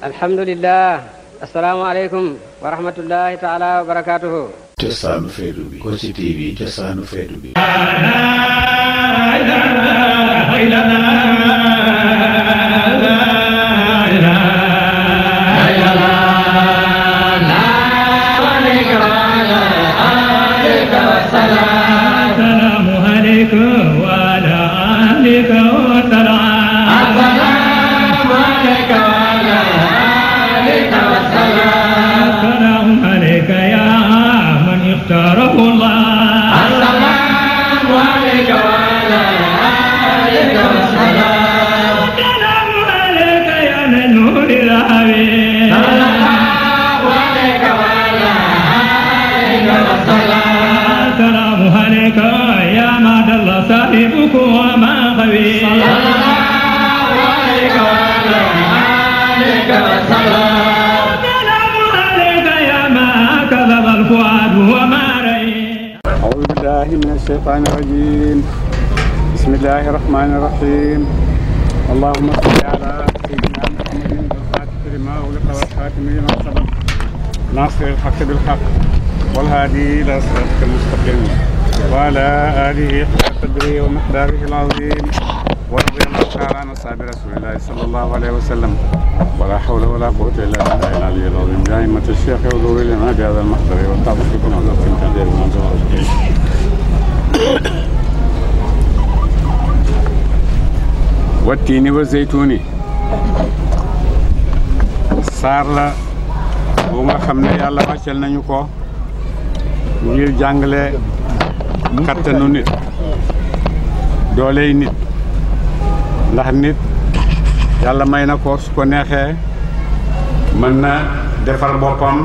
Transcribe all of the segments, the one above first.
alhamdulillah asalaamaaleykum wa rahmatullahi taala wa barakaatuhu cosaanu feetu bi Kossy TV cosaanu feetu bi الشيطان الرجيم بسم الله الرحمن الرحيم اللهم صل على سيدنا محمد الفاتح لما ولقى والخاتم لما سبق ناصر الحق بالحق والهادي إلى صراطك المستقيم وعلى آله حق قدره ومقداره العظيم ورضي الله تعالى عن أصحاب رسول الله صلى الله عليه وسلم ولا حول ولا قوة إلا بالله العلي العظيم دائمة الشيخ وذوي لنا بهذا المحضر والتعبد بكم على القيم كثير من wattiini wa zeytuuni saar la bu nga xam ne yàlla wàccel nañu ko ngir jàngale kattanu nit dooley nit ndax nit yàlla may na ko su ko neexee mën na defar boppam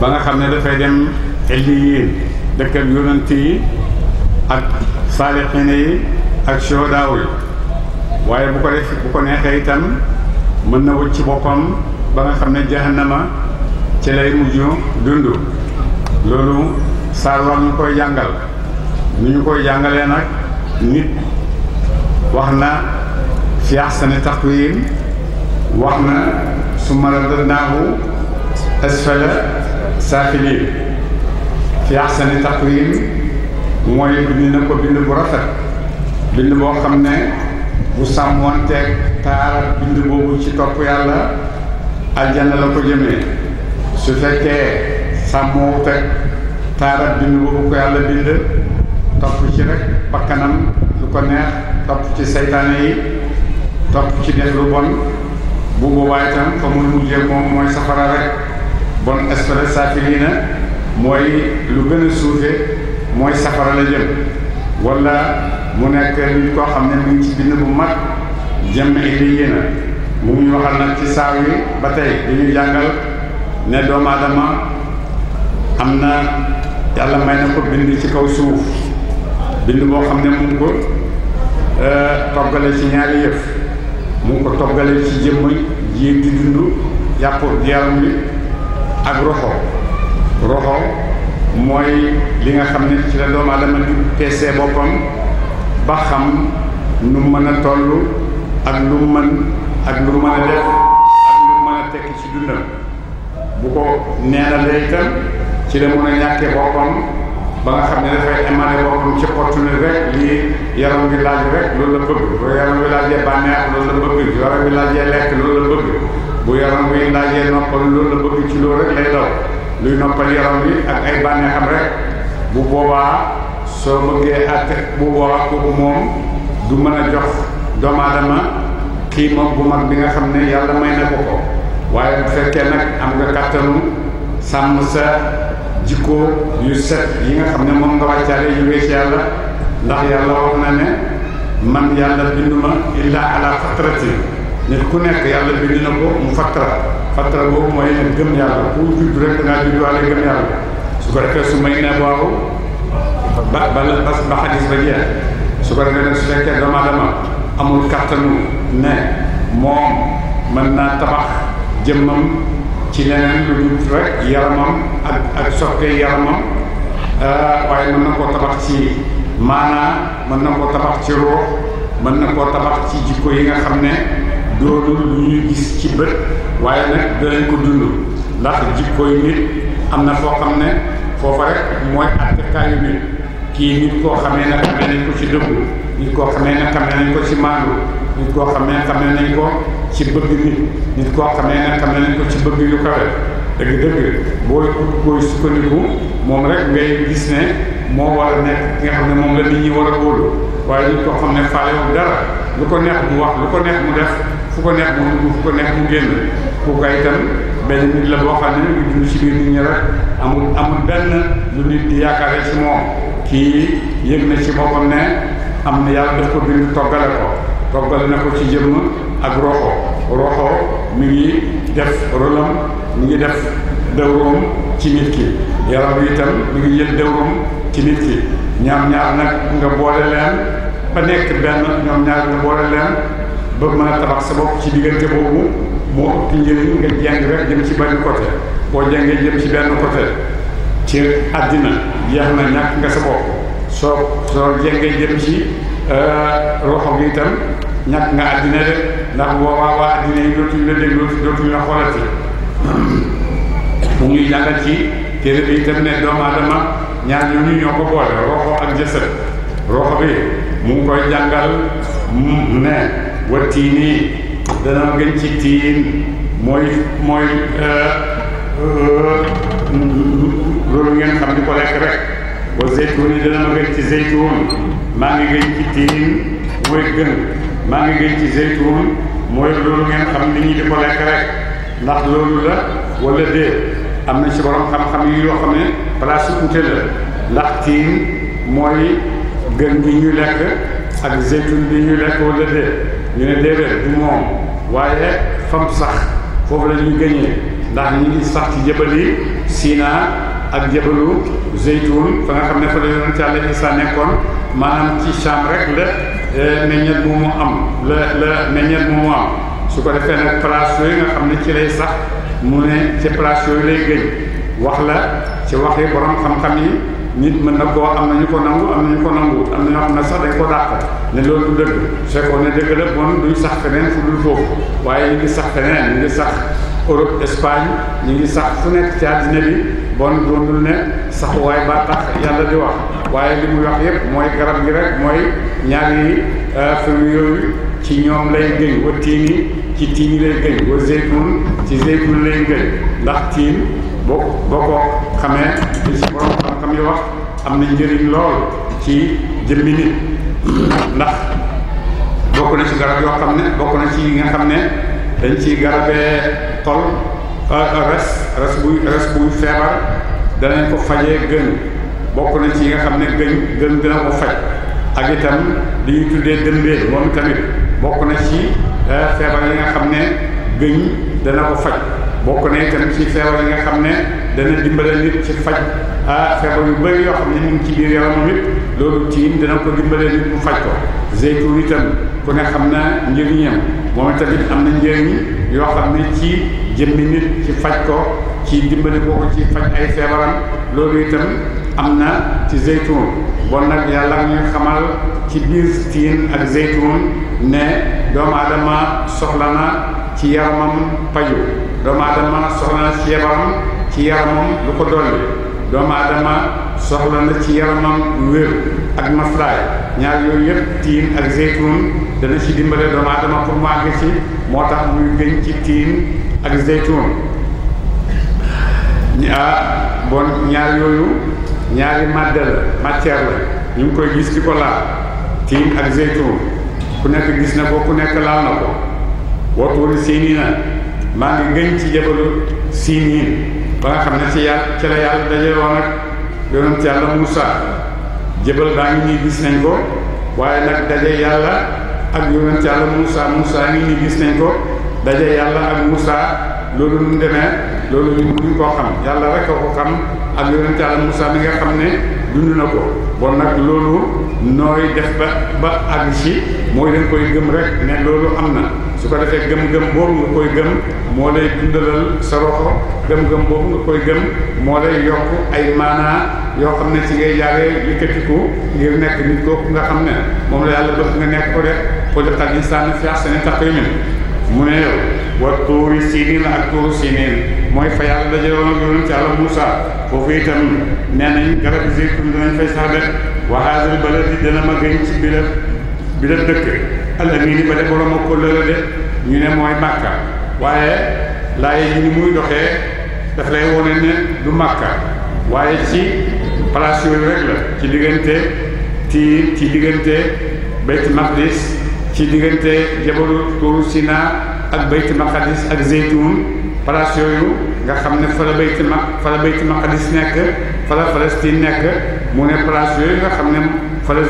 ba nga xam ne dafay dem elli yiin dëkk ak yonent ak saalixiina yi ak shuhadaaw yi waaye bu ko def bu ko neexee itam mën na wut ci boppam ba nga xam ne jahannama ci lay mujj dund loolu saar war ñu koy jàngal ni ñu koy jàngalee nag nit wax na fi ahsani taqwiim wax na summa radadnaahu asfala saafiliin fi ahsani taqwiim mooy bind na ko bind bu rafet bind boo xam ne bu sàmmoonteeg taara bind boobu ci topp yàlla aljana la ko jëmee su fekkee sàmmoo teg taara bind boobu ko yàlla bind topp ci rek bakkanam lu ko neex topp ci saytaane yi topp ci def lu bon bu boobaa itam fa muy mujjee moom mooy safara rek bon espéré saafiliina mooy lu gën a moy safara la jëm wala mu nekk nit ko xamne mu ci bind bu mat jëm ili yéena mu ñu waxal nak ci saaw yi ba tey di ñu ne do ma dama amna yalla may na ko bind ci kaw suuf bind bo xamne mu ko euh togalé ci ñaari yef mu ko togalé ci jëm yi di dund yàpp yaram ak roxo roxo mooy li nga xam ne ci la doomu aadama di peese boppam ba xam nu mën a toll ak lu mën ak lu mën a def ak lu mën a tekki ci dundam bu ko neeralee itam ci la mën a ñàkkee boppam ba nga xam ne dafay émané boppam ci xottu ne rek lii yaram bi laaj rek loolu la bëgg bu yaram bi laajee bànneex loolu la bëgg bu yaram bi laajee lekk loolu la bëgg bu yaram bi laajee noppal loolu la bëgg ci loolu rek lay daw luy noppal yaram wi ak ay bànneexam rek bu boobaa soo bëggee àtte bu boobaa kooku moom du mën a jox doomu aadama kii moom bu mag bi nga xam ne yàlla may na ko ko waaye bu fekkee nag am nga kàttanu sàmm sa jikko yu set yi nga xam ne moom nga wàccaale yu wees yàlla ndax yàlla wax na ne man yàlla bindu ma illa ala fatrati nit ku nekk yàlla bindu na ko mu fattara fàttal moy mooy gëm yalla ku judd rek dangaa judd waale gëm yalla su ko rek su may ne boobu ba ba ba hadith ba jeex su ko rek su fekkee dama dama amul kàttanu ne mom man na tabax jëmam ci leneen lu dul rek yaramam ak ak sokke yaramam euh mën man nako tabax ci mana man nako tabax ci ro man nako tabax ci jikko yi nga xamne ne lu gis ci bët waaye nag danañ ko dund ndax jikkooy nit am na foo xam ne foofa rek mooy àttekaayu nit kii nit koo xam ne xamee nañ ko ci dëggu nit koo xamee ne xamee nañ ko ci maandu nit koo xam ne xamee nañ ko ci bëgg nit nit ko xamee ne xamee nañ ko ci bëgg yu kawe dëgg-dëgg booy booy sukkandiku moom rek ngay gis ne moo war a nekk ki nga xam ne moom la nit ñi war a wóolu waaye nit koo xam ne faalewu dara lu ko neex mu wax lu ko neex mu def fu ko ko neex mu génn kooka itam benn nit la boo xam ne ngi dund ci biir nit ñi rek amul amul benn lu nit di yaakaare ci moom kii yëg na ci boppam ne am na yàlla daf ko bind toggale ko toggale na ko ci jëmm ak roxo roxo mi ngi def rolam mi ngi def dawroom ci nit ki yaram bi itam mi ngi jël dawroom ci nit ki ñaam ñaar nag nga boole leen ba nekk benn ñoom ñaar nga boole leen ba mën a tabax sa bopp ci diggante boobu moo ëpp njëriñ nga jàng rek jëm ci benn côté boo jàngee jëm ci benn côté ci àddina jeex na ñàkk nga sa bopp soo soo jàngee jëm ci roxo euh, bi itam ñàkk nga àddina rek ndax boobaa àddina yi dootuñu la dootuñu la xoolati mu ñuy jàngal ci téere bi itam ne doomu aadama ñaar ñooñu ñoo ko boole roxo ak jësët roxo bi mu ngi koy jàngal ne watiini dana gën ci tiin mooy mooy euh, euh, loolu ngeen xam di ko lekk rek wa zeytuun dana ma gën zeytuun maa ngi gën ci mooy gën maa ngi gën ci zeytuun mooy loolu ngeen xam ni ñi di ko lekk rek ndax loolu la wala dee am na ci borom xam-xam yi yoo xam ne place la ndax tiin mooy gën bi ñu lekk ak zeytuun bi ñu lekk wala dee ñu ne déedéet du moom waaye fam sax foofu la ñuy ndax ñu ngi sax ci jëbal yi Sina ak jëbalu Zeytun fa nga xam ne fa la yonent Yàlla Isa nekkoon maanaam ci Sham rek la eh, meññet mu mu am la la meññet mu su ko defee nag place yooyu nga xam ne ci lay sax mu ne ci place yooyu lay gëñ wax la ci waxi borom xam-xam yi nit mën na koo am nañu ko nangu am nañu ko nanguwut am na ñoo xam ne sax dañ ko dàq ne loolu du dëgg su fekkoon ne dëgg la bon duñ sax feneen fu dul foofu waaye ñu ngi sax feneen ñu ngi sax Europe Espagne ñu ngi sax fu nekk ci àddina bi bon doonul ne sax waaye ba tax yàlla di wax waaye li muy wax yépp mooy garab gi rek mooy ñaari euh, feu yooyu ci ñoom lay gëñ wa tiini ci tiini lay gëñ wa zeytun ci zeytun lay gëñ ndax tiin boo boo ko xamee ci borom xam-xam yi wax am na njëriñ lool ci jëmmi nit ndax bokk na ci garab yoo xam ne bokk na ci yi nga xam ne dañ ci garabee xol euh, res res buy res buy feebar danañ ko fajee gën bokk na ci yi nga xam ne gën gën dina ko faj ak itam di ñu tuddee dëmbee moom tamit bokk na ci euh, feebar yi nga xam ne gëñ dana ko faj bokk na itam ci feebar yi nga xam ne dana dimbale nit ci faj ah feebar yu bëri yoo xam ne ngi ci biir yaramam it loolu tiim dana ko dimbalee nit mu faj ko zeytuun itam ku ne xam na njëriñam moom tamit am na njëriñ yoo xam ne ci jëmmi nit ci faj ko ci dimbali ko ci faj ay feebaram loolu itam am na ci zeytuun bon nag yàlla ñuy xamal ci biir tiin ak zeytuun ne doomu aadama soxla na ci yaramam paju doomu aadama soxla na ci yaramam ci yaramam lu ko dolli doomu aadama soxla na ci yaramam wér ak maslaay ñaar yooyu yëpp tiin ak zeytun dana ci dimbale doomu aadama pour mu àgg ci moo tax muy gën ci tiin ak zeytun ah bon ñaar yooyu ñaari màdda la matière la ñu ngi koy gis di ko laal tiin ak zeytun ku nekk gis na ko ku nekk laal na ko waxtu wala maa ngi gën ci jabalu siiniin ba nga xam ne ci yàlla ci la yàlla daje woon ak yonent yàlla Moussa jëbal baa ngi nii gis nañ ko waaye nag daje yàlla ak yonent yàlla Moussa Moussa ngi nii gis nañ ko daje yàlla ak Moussa loolu nu mu demee loolu ñu duñ koo xam yàlla rek a ko xam ak yonent yàlla Moussa mi nga xam ne dund na ko bon nag loolu nooy def ba ba àgg mooy dañ koy gëm rek ne loolu am na su ko defee gëm-gëm boobu nga koy gëm moo lay dundalal sa roxo gëm-gëm boobu nga koy gëm moo lay yokk ay maanaa yoo xam ne ci ngay jaaree yëkkatiku ngir nekk nit kooku nga xam ne moom la yàlla bëgg nga nekk ko def xuliqal insaanu fii ahsani taqwiim mu ne yow wa tuuri siiniin ak tuuru siiniin mooy fa yàlla dajaloon ak yonent yàlla Muusa foofu itam nee nañ garab yi dinañ fay sax def wa haazal baladi dana ma gën ci bilab bilab dëkk alami ni ba de borom a de ñu ne mooy màkka waaye laaye ji ni muy doxee daf lay wone ne du màkka waaye ci place yooyu rek la ci diggante ti ci diggante bayt maqdis ci diggante jabalu tuuru ak bayt maqdis ak zeytun place yooyu nga xam ne fa la bayt ma fa la bayt maqdis nekk fa la nekk mu ne place yooyu nga xam ne fa la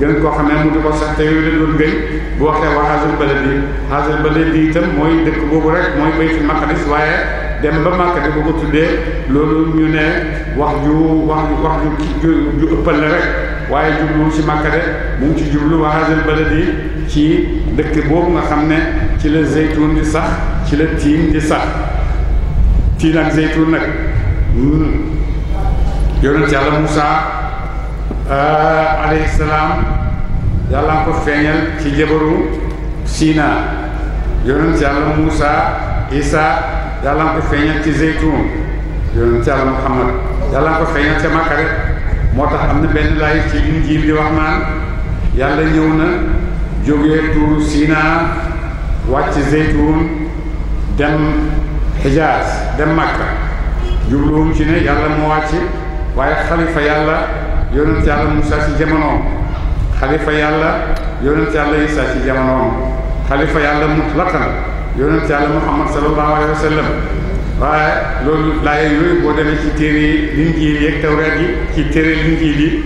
gën koo xamee mu di ko sax te yooyu la doon gën bu waxee waa hazal baladi hazal baladi itam mooy dëkk boobu rek mooy baytul maqdis waaye dem ba màkk di ko ko tuddee loolu ñu ne wax ju wax ju wax ju ju ëppal la rek waaye jubluwul ci màkk de mu ngi ci jublu waa hazal ci dëkk boobu nga xam ne ci la zeytuun di sax ci la tiin di sax tiin ak zeytuun nag yonent yàlla Moussa Euh, alayhi salaam yàlla nga ko feeñal ci jabaru Sina yonent yàlla Muusa Isa yàlla ko feeñal ci Zeytun yonent yàlla Muhammad yàlla ko feeñal ca Makka rek moo tax am na benn laay ci Injiil di wax naan yàlla ñëw na jógee tuuru wàcc Zeytun dem Hijaaz dem Makka jubluwum ci ne yàlla moo wàcc waaye xalifa yàlla yonent yàlla Musaa ci jamonoom xalifa yàlla yonent yàlla Isaa ci jamonoom xalifa yàlla mutlaqan yonent yàlla Muhammad sallallahu alayhi wa sallam waaye loolu laaya yooyu boo demee ci téere Linjiil yeeg Tawreet yi ci téere Linjiil yi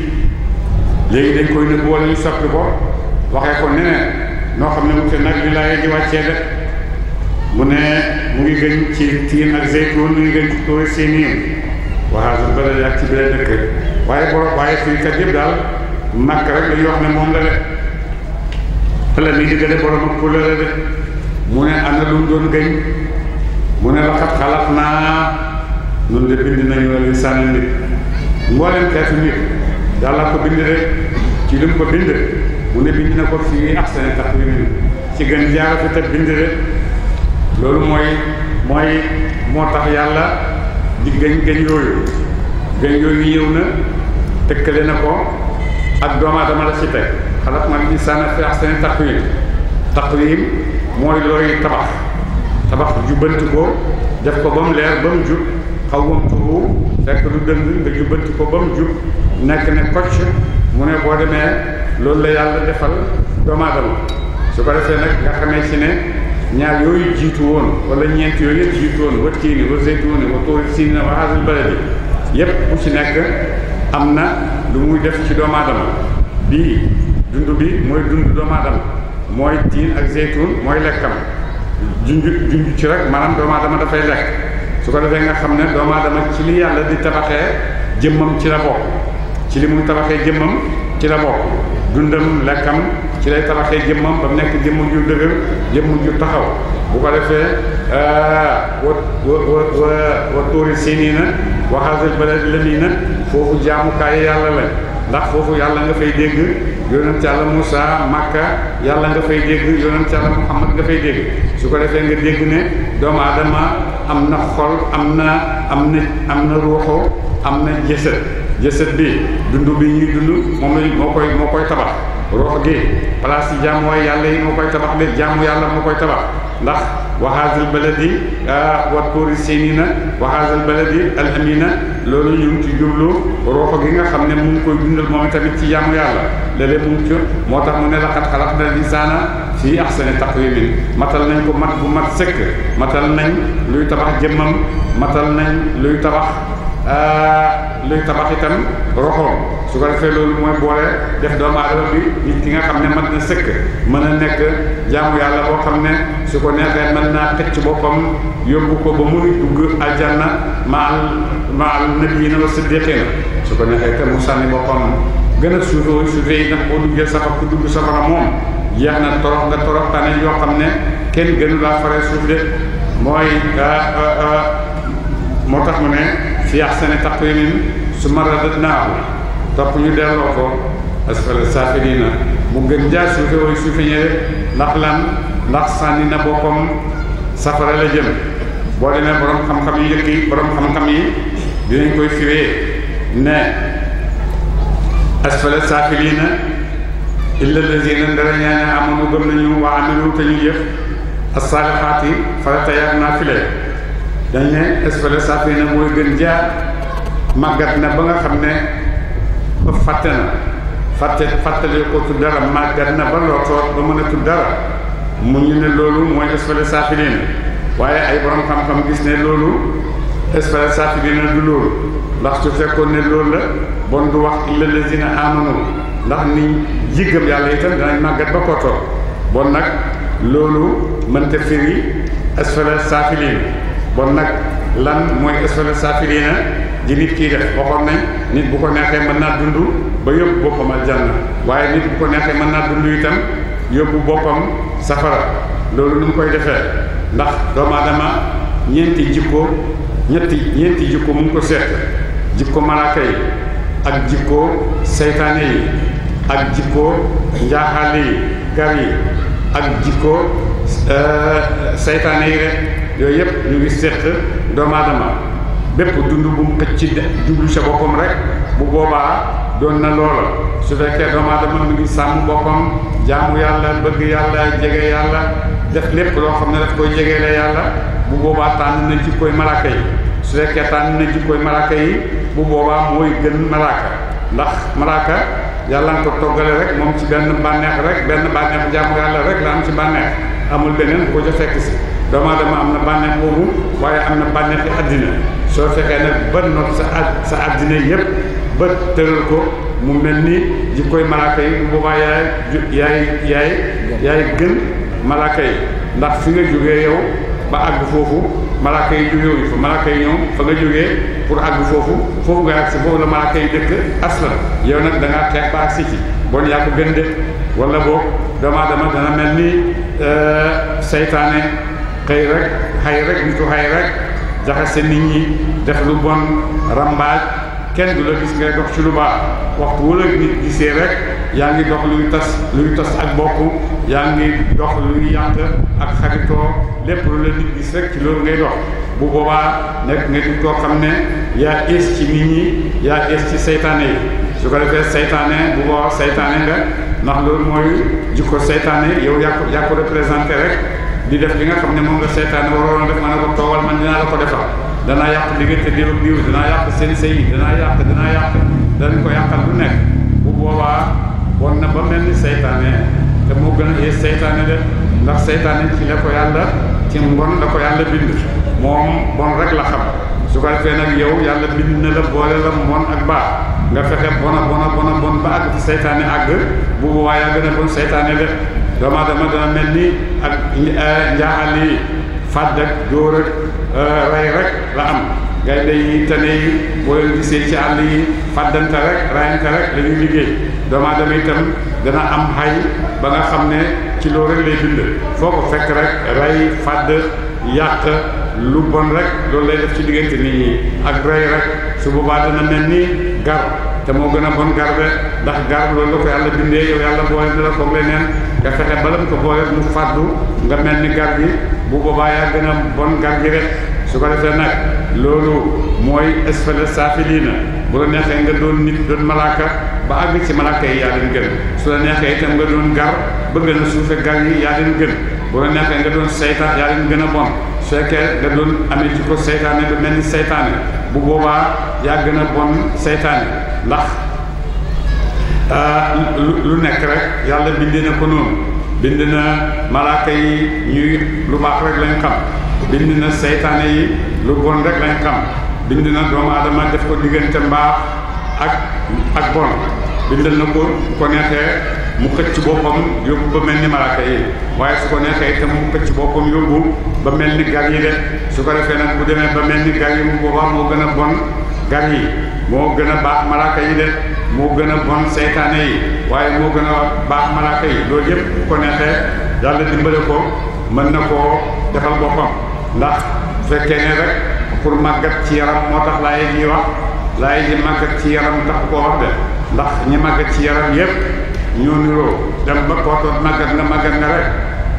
léegi dañ koy nëbb wala ñu soppi ko waxee ko neneen noo xam ne mu te nag li laaya di wàccee de mu ne mu ngi gën ci tiin ak zeytuun mu ngi gën ci tóori seen waaw su bëree ci beneen dëkk waaye borom waaye fii kat yëpp daal màkk rek la ñuy wax ne moom la de te la ñuy diggale borom ak kuréel la de mu ne am na lu mu doon gëñ mu ne waxat xalaat naa ñun de bind nañu la li sànni nit mboolem xeetu nit yàlla ko bind rek ci li mu ko bind mu ne bind na ko fii ak seen taxawii ci gën jaara fi te bind rek loolu mooy mooy moo tax yàlla di gëñ gëñ yooyu. benn yooyu ñëw na tëkkale na ko ak doomu aadama la ci teg xalaat ma ngi insaana fi ahsani taqwiim taqwiim mooy looy tabax tabax jubbanti ko def ko ba mu leer ba mu jub xaw ma turu fekk lu dëng nga jubbanti ko ba mu jub nekk ne kocc mu ne boo demee loolu la yàlla defal doomu aadama su ko defee nag nga xamee ci ne ñaar yooyu jiitu woon wala ñeent yooyu yëpp jiitu woon wa tiini wa zeytuuni wa tuuri siiniin wa haazal yépp ku ci nekk am na lu muy def ci doomu aadama bii dund bi mooy dund doomu mooy tiin ak zeytun mooy lekkam junj junj ci rek maanaam doomu aadama dafay lekk su ko defee nga xam ne doomu aadama ci li yàlla di tabaxee jëmmam ci la bokk ci li muy tabaxee jëmmam ci la bokk dundam lekkam ci lay tabaxee jëmmam ba mu nekk jëmm ju dëgër jëmm ju taxaw bu ko defee wa wa wa wa tuuri siniina waxaasal balad lami nag foofu jaamukaay yàlla la ndax foofu yàlla nga fay dégg yonent yàlla Moussa Makka yàlla nga fay dégg yonent yàlla Muhammad nga fay dégg su ko defee nga dégg ne doomu aadama am na xol am na am na am na ruuxu am na jësët jësët bi dund bi ñuy dund moom moo koy moo koy tabax ruux gi place yi jaamuwaay yàlla yi moo koy tabax de jaamu yàlla moo koy tabax ndax wa waxaasal baladi wa watkoori wa waxaasal baladi al amina lolu ñu ci jublu roxo gi nga xamne mu ngi koy dundal moom tamit ci yamu yalla lele mu ci motax mu ne la khat khalaq dal lisaana fi ahsan taqwim matal nañ ko mat bu mat sek matal nañ luy tabax jëmam matal nañ luy tabax luy tabax itam roxoom su ko defee loolu mooy boole def doomu aadama bi nit ki nga xam ne mën na sëkk mën a nekk jaamu yàlla boo xam ne su ko neexee mën naa xëcc boppam yóbbu ko ba muy dugg aljanna maal maal nabiyina wa siddiqina su ko neexee itam mu sànni boppam gën a suufee suufee yi ndax boo duggee safar ku dugg safara moom jeex na torox nga torox tane yoo xam ne kenn gënu laa faree suuf de mooy ah, ah, ah, moo tax mu ne fi ahsani taqwimin summa radadnaahu topp ñu delloo ko asfala saafiliina mu gën jaar suufe way suufe ñe ndax lan ndax sànni na boppam safara la jëm boo demee borom xam-xam yi njëkk yi borom xam-xam yi dinañ koy fiwee ne asfala saafiliina illa lazina ndara ñaane amanu gëm nañu wa amilu te ñu jëf assaalihaati farata yaag naa file dañ ne fi Safina mooy gën magat màggat na ba nga xam ne fàtte na fàtte fàttali ko tu dara màggat na ba lootoot ba mën a tu dara mu ñu ne loolu mooy fi Safina waaye ay borom xam-xam gis ne loolu fi Safina du loolu ndax su fekkoon ne loolu la bon du wax illa lazina amanu ndax ni jiggam yàlla itam danañ magat ba kootoo bon nag loolu mënta firi Hizbut bon nak lan moy ësfala safirina di nit ki def waxoon nañ nit bu ko nexé man na dundu ba yóbbu boppam aljanna waye nit bu ko nexé man na dundu itam yob boppam safara lolou nu koy defé ndax ma dama ñenti jikko ñetti ñenti jikko mu ko sét jikko yi ak jikko yi ak jikko gari ak jikko euh, yi yooyu yëpp ñu ngi séq doomu aadama bépp dund bu mu xëcc ci jublu sa boppam rek bu boobaa doon na loola su fekkee doomu aadama mu ngi sàmm boppam jaamu yàlla bëgg yàlla jege yàlla def lépp loo xam ne daf koy jegeele yàlla bu boobaa tànn na jikkooy malaaka yi su fekkee tànn na jikkooy malaaka yi bu boobaa mooy gën malaaka ndax malaaka yàlla nga ko toggale rek moom ci benn bànneex rek benn bànneex jaamu yàlla rek la am ci bànneex amul beneen bu ko ca si doomu aadama am na bànneex boobu waaye am na bànneexi àddina soo fexee nag ba not sa sa àddina yépp ba tëral ko mu mel ni ji koy malaaka yi bu boobaa yaay yaay yaay gën malaaka yi ndax fi nga jógee yow ba àgg foofu malaaka yi jógee wuñu fa malaaka yi ñoom fa nga jógee pour àgg foofu foofu nga àgg si foofu la malaaka yi dëkk aslan yow nag da xeex ba ak si ci bon yaa ko gën de wala boog doomu aadama dana mel ni euh, seytaane xëy rek xëy rek nitu xëy rek jaxase nit ñi def lu bon rambaaj kenn du la gis ngay dox ci lu baax waxtu wala nit gisee rek yaa ngi dox luy tas luy tas ak bopp yaa ngi dox luy yàq ak xaritoo lépp lu la nit gis rek ci loolu ngay dox bu boobaa nekk nga nit koo xam ne yaa ees ci nit ñi yaa ees ci seytaane yi su ko defee seytaane bu boobaa seytaane nga ndax loolu mooy jikko seytaane yow yaa ko yaa ko rek di def li nga xam ne moom nga seetaan waroon a def ma ne ko toogal man dinaa la ko defal danaa yàq diggante diw ak diw danaa yàq seen sëy yi danaa yàq danaa yàq danañ ko yàqal lu nekk bu boobaa won na ba mel ni seytaane te moo gën a yées seytaane de ndax seytaane ci la ko yàlla ci mbon la ko yàlla bind moom bon rek la xam su ko defee nag yow yàlla bind na la boole la mbon ak baax nga fexe bona bona bona bon ba àgg fi seytaane àgg bu boobaa yaa gën a bon seytaane de doomu aadama dana mel ni ak eh, njaaxal yi fàdd ak eh, rey rek la am gaynde yi tane yi boo gisee ci àll yi fàddante rek rayante rek la liggéey doomu aadama itam dana am xay ba nga xam ne ci loolu rek lay bind foo ko fekk rek rey fàdd yàq lu bon rek loolu lay def ci diggante nit ñi ak rey rek su boobaa dana mel ni gar te mo gëna bon garbe ndax garde lolu ko yalla bindé yow yalla boole na ko ngi leneen nga fexé balam ko boole mu faddu nga melni ni bu boobaa yaa gën a bon garbi rek su ko defé nak lolu moy asfala safilina bu la nexé nga doon nit doon malaka ba ag ci malaka yi yalla leen gën su la nexé tam nga doon gar bëgg na a suufe gar yi yalla leen gën bu la nexé nga doon saytaan yalla leen bon fekkee da doon amee ci ko seytaane da mel ni seytaane bu boobaa yàgg na bon seytaane ndax euh, lu nekk rek yàlla bindee na ko noonu bind na malaaka yi ñuy lu baax rek lañ xam bind na seytaane yi lu bon rek lañ xam bind na doomu aadama def ko diggante mbaax ak ak bon bindal na ko ko neexee mu xëcc boppam yóbbu ba mel ni malaaka yi waaye su ko neexee itam mu xëcc boppam yóbbu ba mel ni gar yi de su ko defee nag bu demee ba mel ni gar yi bu boobaa moo gën a bon gar yi moo gën a baax malaaka yi de moo gën a bon seytaane yi waaye moo gën a baax malaaka yi loolu yëpp bu ko neexee yàlla dimbale ko mën na koo defal boppam ndax fekkee ne rek pour màggat ci yaram moo tax laay ji wax laay ji màggat ci yaram tax koo wax de ndax ñi màggat ci yaram yëpp ñoo niroo dem ba kootoon màggat na màggat na rek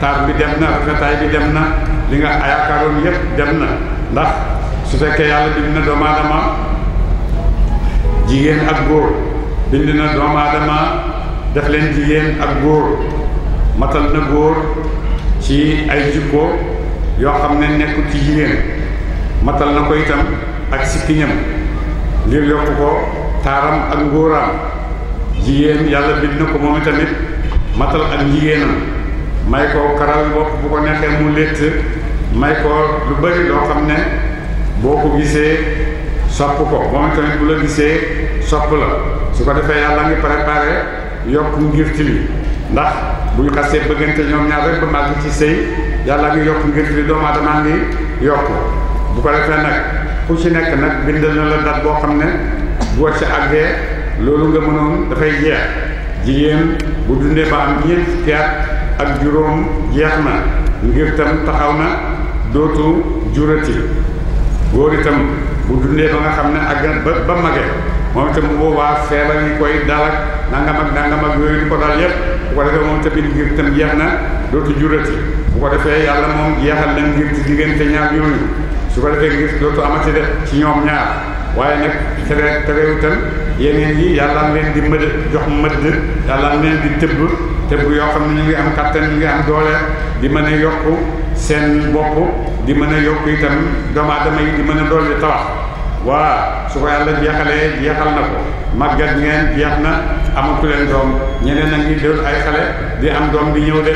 taar bi dem na rafetaay bi dem na li nga yaakaaroon yépp dem na ndax su fekkee yàlla bind na doomu jigéen ak góor bind na doomu def leen jigéen ak góor matal na góor ci ay jikko yoo xam ne nekkul ci jigéen matal na ko itam ak sikkiñam ngir yokk ko taaram ak ngóoraam jigéen yàlla bind na ko moom tamit matal ak jigéenam may ko karal bopp bu ko neexee mu létt may ko lu bari loo xam ne boo ko gisee sopp ko moom tamit bu la gisee sopp la su ko defee yàlla ngi préparé yokk ngirti li ndax bu ñu xasee bëggante ñoom ñaar rek màgg ci sëy yàlla ngi yokk ngirti li doomu aadama ngi yokk bu ko defee nag ku ci nekk nag bind na la dat boo xam ne boo ci àggee loolu nga mënoon dafay jeex jigéen bu dundee ba am ñeent fukki at ak juróom jeex na ngir tam taxaw na dootu jurati góor tam bu dundee ba nga xam ne ak ba ba mage moom itam bu boobaa feebar yi koy dal ak nangam ak nangam ak yooyu di ko dal yépp bu ko defee moom tamit ngir itam jeex na dootu jurati bu ko defee yàlla moom jeexal na ngir ci diggante ñaar yooyu su ko defee ngir dootu amati def ci ñoom ñaar waaye nag tere terewu yeneen yi yàlla am leen di mëdd jox mëdd yàlla am leen di tëbb tëbb yoo xam ne ñu ngi am kattan ñu ngi am doole di mën a yokk seen bopp di mën a yokk itam doomu aadama yi di mën a dool di tabax waa su ko yàlla jeexalee jeexal na ko màggat ngeen jeex na amatu leen doom ñeneen a ngi doon ay xale di am doom bi ñëw de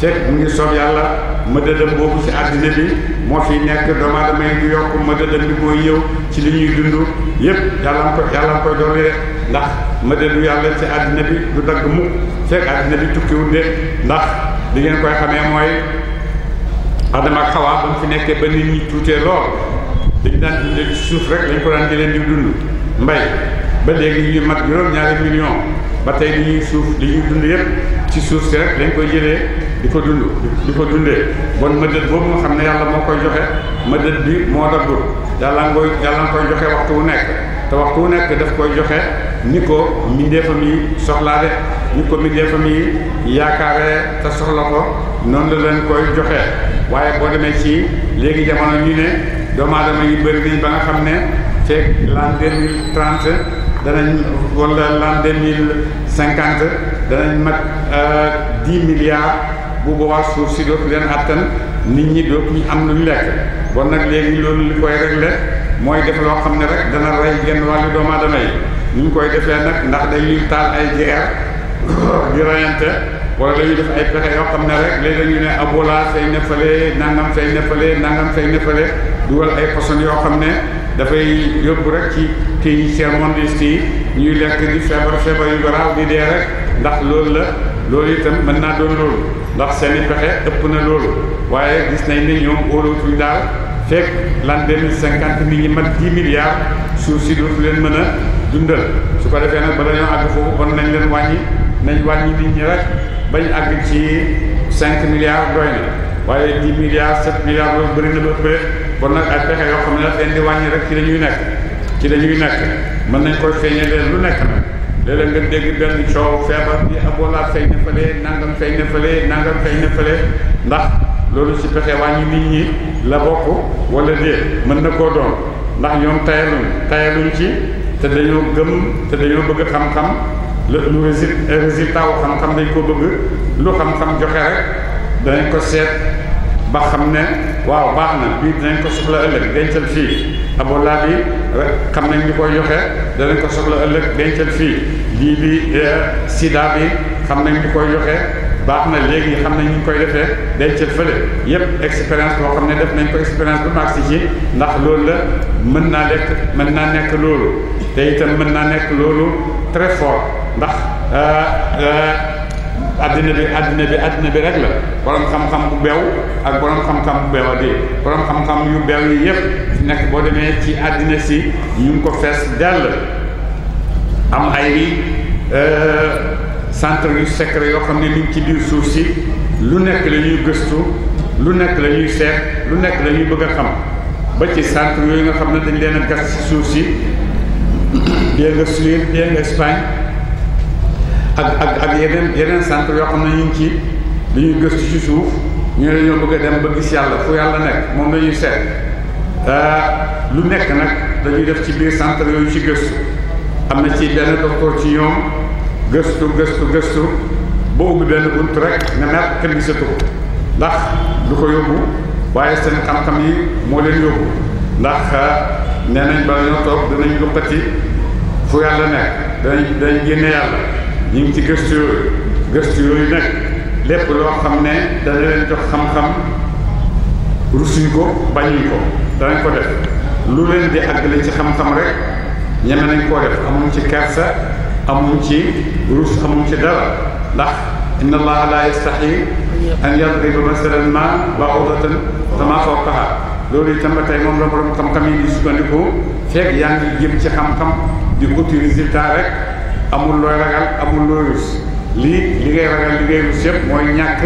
fekk mu ngi soob yàlla mëdëdëm boobu ci àddina bi moo fi nekk doomu aadama yi du yokk mëdëdëm bi mooy yëw ci li ñuy dund yépp yàlla nga koy yàlla nga koy dolli rek ndax mëdëdu yàlla ci àddina bi du dagg mukk fekk àddina bi tukkiwul de ndax li ngeen koy xamee mooy Adama ak Xawa ba nekkee ba nit tuutee lool dañu daan dundee ci suuf rek lañ ko daan di leen di dund mbay ba léegi ñu mat juróom-ñaari million ba tey li ñuy suuf li ñuy dund yépp ci suuf si rek lañ koy jëlee di ko dund di ko dundee bon mëdët boobu nga xam ne yàlla moo koy joxe mëdët bi moo daggul yàlla nga koy yàlla nga koy joxe waxtu wu nekk te waxtu wu nekk daf koy joxe ni ko mbindeefam yi soxlaare ni ko mbindeefam yi yaakaare te soxla ko noonu la leen koy joxe waaye boo demee ci léegi jamono ñu ne doomu aadama yi bëri nañ ba nga xam ne fekk l'an deux mille trente danañ wala l'an deux mille cinquante danañ mag euh, dix milliards bu boobaa suuf si dootu leen attan nit ñi dootuñu am lu ñu lekk bon nag léegi loolu li koy réglé mooy def loo xam ne rek dana rey genn wàllu doomu aadama yi ñu koy defee nag ndax dañuy taal ay guerre di rayante wala dañuy def ay pexe yoo xam ne rek léegi dañu ne abola say nefalee nangam say nefalee nangam say nefalee dugal ay poson yoo xam ne dafay yóbbu rek ci kii sermoniste yi ñuy lekk di feebar feebar yu garaaw di dee rek ndax loolu la loolu itam mën naa doon loolu ndax seen i pexe ëpp na loolu waaye gis nañ ne ñoom óolootuñ daal fekk l'an 2050 mi ngi mat 10 milliards suuf si dootu leen mën a dundal su ko defee nag ba ñoo àgg foofu kon nañ leen wàññi nañ wàññi nit ñi rek bañ àgg ci 5 milliards doy na waaye 10 milliards 7 milliards loolu bëri na ba pare kon nag ay pexe yoo xam ne daf leen di wàññi rek ci la ñuy nekk ci la ñuy nekk mën nañ koy feeñalee lu nekk nag léeg-léeg nga dégg benn coow feebar bi Ebola fay na fële nangam fay na fële nangam fay na fële ndax loolu ci pexe wàññi nit ñi la bokk wala déet mën na koo doon ndax ñoom tayaluñ tayaluñ ci te dañoo gëm te dañoo bëgg xam-xam lu résultat résultat wu xam-xam dañ ko bëgg lu xam-xam joxe rek danañ ko seet ba xam ne waaw baax na bii dinañ ko soxla ëllëg dencal fii abola bi xam nañ ñu koy yoxe danañ ko soxla ëllëg dencal fii lii bi eh, sida bi xam nañ ñu koy yoxe baax na léegi xam nañ ñu koy defee dencal fële yépp expérience boo xam ne def nañ ko expérience bu mag si ci ndax loolu la mën naa nekk mën naa nekk loolu te itam mën naa nekk loolu très fort ndax euh, euh, àddina bi addina bi addina bi rek la borom xam-xam bu beew ak borom xam-xam bu beew a di borom xam-xam yu bew yi yëpp nekk boo demee ci àddina si ñu ngi ko fees dell am ay euh, centre yu secret yoo xam ne ñu ci biir suuf si lu nekk la gëstu lu nekk la ñuy seet lu nekk la ñuy bëgg a xam ba ci centre yooyu nga xam ne dañ leen gas suuf si bien nga Suisse bien nga Espagne ak ak ak yeneen yeneen centre yoo xam ne ñu ngi ci dañuy gëstu ci suuf ñu ne dañoo bëgg a dem ba gis yàlla fu yàlla nekk moom lañuy seet euh, lu nekk nag dañuy def ci biir centre yooyu ci gëstu am na ci benn docteur ci ñoom gëstu gëstu gëstu boo ubbi benn bunt rek nga mer kenn gisatu ko ndax du ko yóbbu waaye seen xam-xam yi moo leen yóbbu ndax euh, nee nañ ba ñoo toog danañ luppati fu yàlla nekk danañ danañ génne yàlla ñu ngi ci gëstu yooyu gëstu yooyu nag lépp loo xam ne dana leen jox xam-xam rusuñ ko bañuñ ko danañ ko def lu leen di àggale ci xam-xam rek ñeme nañ koo def amuñ ci kersa amuñ ci rus amuñ ci dara ndax inna allaha la yastahi an yadriba masalan ma ba'udatan fama fawqaha loolu itam ba tey moom la borom xam-xam yi di sukkandiku fekk yaa ngi jëm ci xam-xam di uti résultat rek amul looy ragal amul looy rus lii li ngay ragal li ngay rus yëpp mooy ñàkk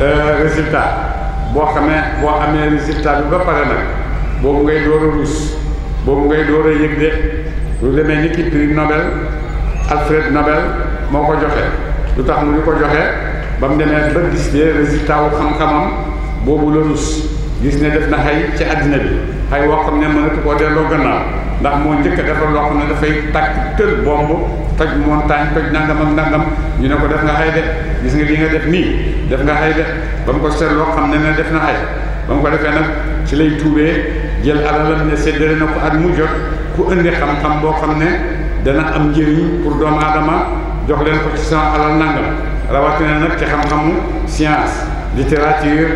euh, résultat boo xamee boo amee résultat bi ba pare nag boobu ngay door rus boobu ngay door a yëg de lu demee ni ki prix Nobel Alfred Nobel moo ko joxe lu tax mu ñu ko joxe ba mu demee ba gis de résultat xam-xamam boobu la rus gis ne def na xëy ci àddina bi ay waxam ne mënatu koo delloo gannaaw ndax moo njëkk a defar loo xam ne dafay tàkk tël bomb toj montagne toj nangam ak nangam ñu ne ko def nga ay de gis nga li nga def nii def nga ay de ba mu ko loo xam ne ne def na ay ba mu ko defee nag ci lay tuubee jël alalam ne séddale na ko at mu jot ku indi xam-xam boo xam ne dana am njëriñ pour doomu aadama jox leen ko ci sa alal nangam rawatina nag ci xam-xamu science littérature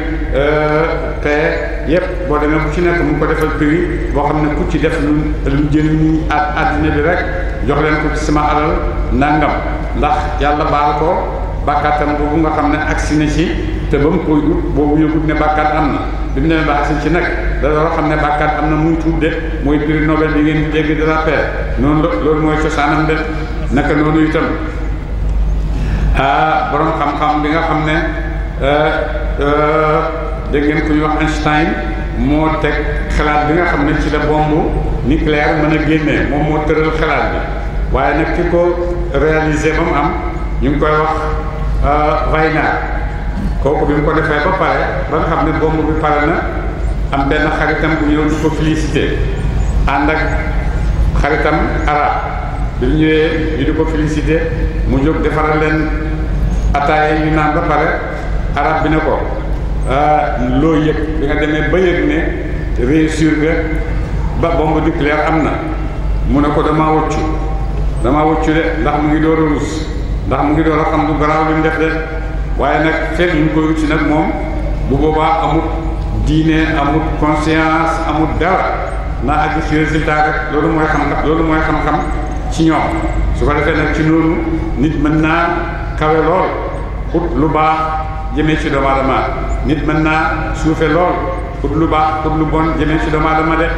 paix euh, yep, boo demee ku ci nekk mu ko defal prix boo ku ci def lu lu at àddina bi rek jox leen ko ci sama alal nangam ndax yàlla baal ko bàkkaatam boobu nga xam ne agsi ci te bam koy ut boobu yëgut ne bàkkaat am na bi mu ba ci nak da loo xam ne amna muy tuub de mooy Nobel bi ngeen dégg de la paix lool moy ci sanam de naka nonu itam ah borom xam-xam bi nga xam Euh, euh, dégg ngeen ku ñuy wax Einstein moo teg xalaat bi nga xam ne ci la bombe nucléaire mën a génnee moom moo tëral xalaat bi waaye nag ki ko réaliser ba mu am ñu ngi koy wax euh, Weingarten kooku bi mu ko defee ba pare ba nga xam ne bombe bi pare na am benn xaritam bu ñëw di ko félicité ànd ak xaritam arab bi mu ñëwee ñu di ko félicité mu jóg defaral leen ataaya yu naan ba pare arab bi ne ko ah, loo yëg bi nga demee ba yëg ne réussir nga ba bombe nucléaire am na mu ne ko damaa wëccu dama wëccu de ndax mu ngi door a rus ndax mu ngi door a xam lu garaaw li mu def de waaye nag fekk ñu koy wuti nag moom bu boobaa amut diine amut conscience amut dara na àgg ci résultat rek loolu mooy xam ndax loolu mooy xam-xam ci ñoom su ko defee nag ci noonu nit mën naa kawe lool ut lu baax jëmee ci doomu aadama nit mën naa suufe lool ut lu baax ut lu bon jëmee ci doomu aadama de